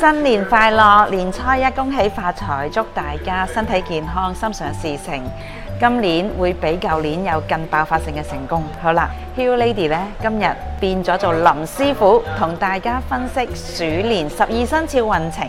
新年快樂，年初一恭喜發財，祝大家身體健康，心想事成。今年會比舊年有更爆發性嘅成功。好啦，Hello Lady 咧，今日變咗做林師傅，同大家分析鼠年十二生肖運程。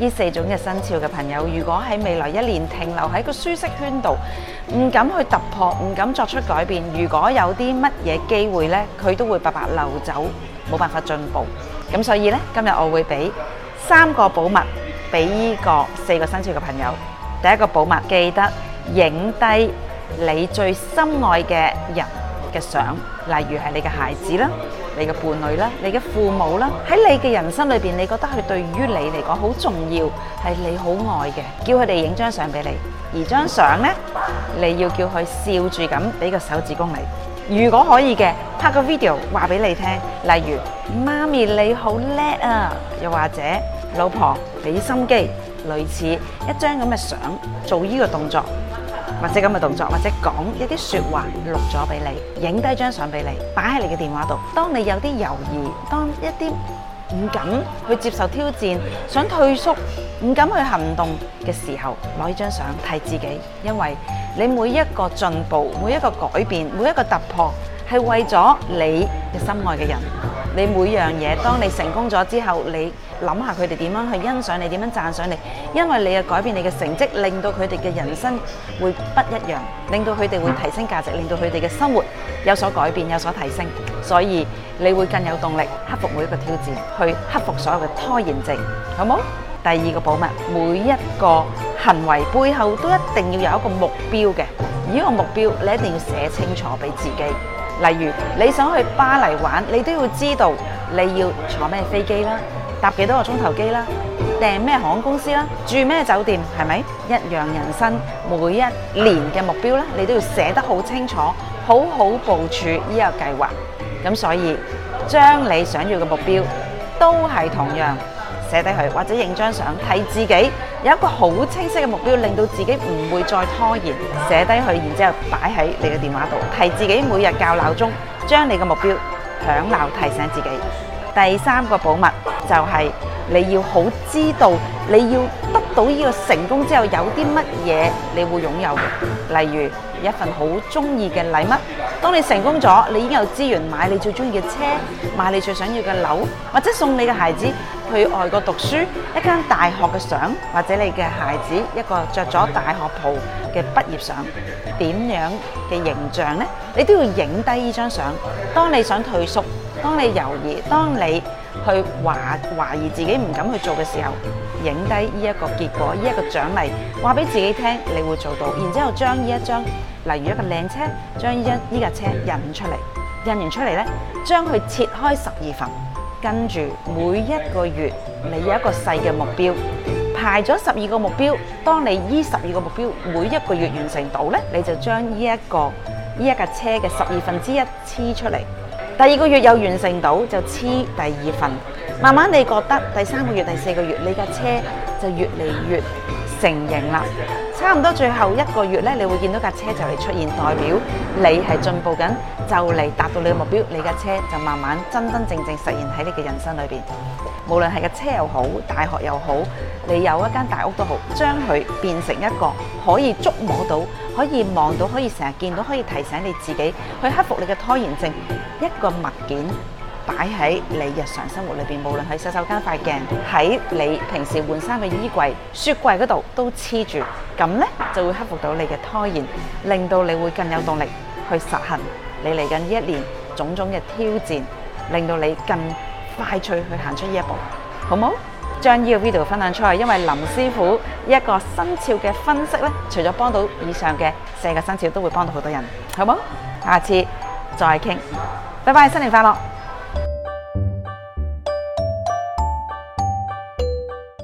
呢四種嘅生肖嘅朋友，如果喺未來一年停留喺個舒適圈度，唔敢去突破，唔敢作出改變，如果有啲乜嘢機會呢，佢都會白白流走，冇辦法進步。咁所以呢，今日我會俾三個寶物俾呢個四個生肖嘅朋友。第一個寶物，記得影低你最心愛嘅人嘅相，例如係你嘅孩子啦。你嘅伴侶啦，你嘅父母啦，喺你嘅人生裏邊，你覺得佢對於你嚟講好重要，係你好愛嘅，叫佢哋影張相俾你。而張相咧，你要叫佢笑住咁俾個手指公你。如果可以嘅，拍個 video 話俾你聽，例如媽咪你好叻啊，又或者老婆俾心機，類似一張咁嘅相，做呢個動作。或者咁嘅動作，或者講一啲説話錄咗俾你，影低張相俾你，擺喺你嘅電話度。當你有啲猶豫，當一啲唔敢去接受挑戰，想退縮，唔敢去行動嘅時候，攞呢張相睇自己，因為你每一個進步，每一個改變，每一個突破係為咗你嘅心愛嘅人。你每樣嘢，當你成功咗之後，你。諗下佢哋點樣去欣賞你，點樣讚賞你，因為你嘅改變，你嘅成績令到佢哋嘅人生會不一樣，令到佢哋會提升價值，令到佢哋嘅生活有所改變、有所提升。所以你會更有動力克服每一個挑戰，去克服所有嘅拖延症，好冇？第二個寶物，每一個行為背後都一定要有一個目標嘅，而呢個目標你一定要寫清楚俾自己。例如你想去巴黎玩，你都要知道你要坐咩飛機啦。搭幾多個鐘頭機啦？訂咩航空公司啦？住咩酒店？係咪？一樣人生每一年嘅目標咧，你都要寫得好清楚，好好部署呢個計劃。咁所以將你想要嘅目標都係同樣寫低佢，或者影張相，提自己有一個好清晰嘅目標，令到自己唔會再拖延，寫低佢，然之後擺喺你嘅電話度，提自己每日校鬧鐘，將你嘅目標響鬧提醒自己。第三個保密。就係你要好知道，你要得到呢個成功之後有啲乜嘢你會擁有，例如一份好中意嘅禮物。當你成功咗，你已經有資源買你最中意嘅車，買你最想要嘅樓，或者送你嘅孩子去外國讀書，一間大學嘅相，或者你嘅孩子一個着咗大學袍嘅畢業相，點樣嘅形象呢？你都要影低呢張相。當你想退縮。當你猶豫，當你去懷懷疑自己唔敢去做嘅時候，影低呢一個結果，呢一個獎勵，話俾自己聽你會做到，然之後將依一張，例如一個靚車，將呢張呢架車印出嚟，印完出嚟呢，將佢切開十二份，跟住每一個月你有一個細嘅目標，排咗十二個目標，當你依十二個目標每一個月完成到呢，你就將呢一個依一架車嘅十二分之一黐出嚟。第二個月又完成到，就黐第二份。慢慢你覺得第三個月、第四個月，你架車就越嚟越成形啦。差唔多最後一個月呢，你會見到架車就嚟出現，代表你係進步緊，就嚟達到你嘅目標，你嘅車就慢慢真真正正實現喺你嘅人生裏邊。無論係架車又好，大學又好，你有一間大屋都好，將佢變成一個可以觸摸到、可以望到、可以成日見到、可以提醒你自己去克服你嘅拖延症一個物件。擺喺你日常生活裏邊，無論喺洗手間塊鏡，喺你平時換衫嘅衣櫃、雪櫃嗰度都黐住，咁呢，就會克服到你嘅拖延，令到你會更有動力去實行你嚟緊一年種種嘅挑戰，令到你更快脆去行出呢一步，好冇？將呢個 video 分享出去，因為林師傅一個生肖嘅分析呢，除咗幫到以上嘅四個生肖，都會幫到好多人，好冇？下次再傾，拜拜！新年快樂！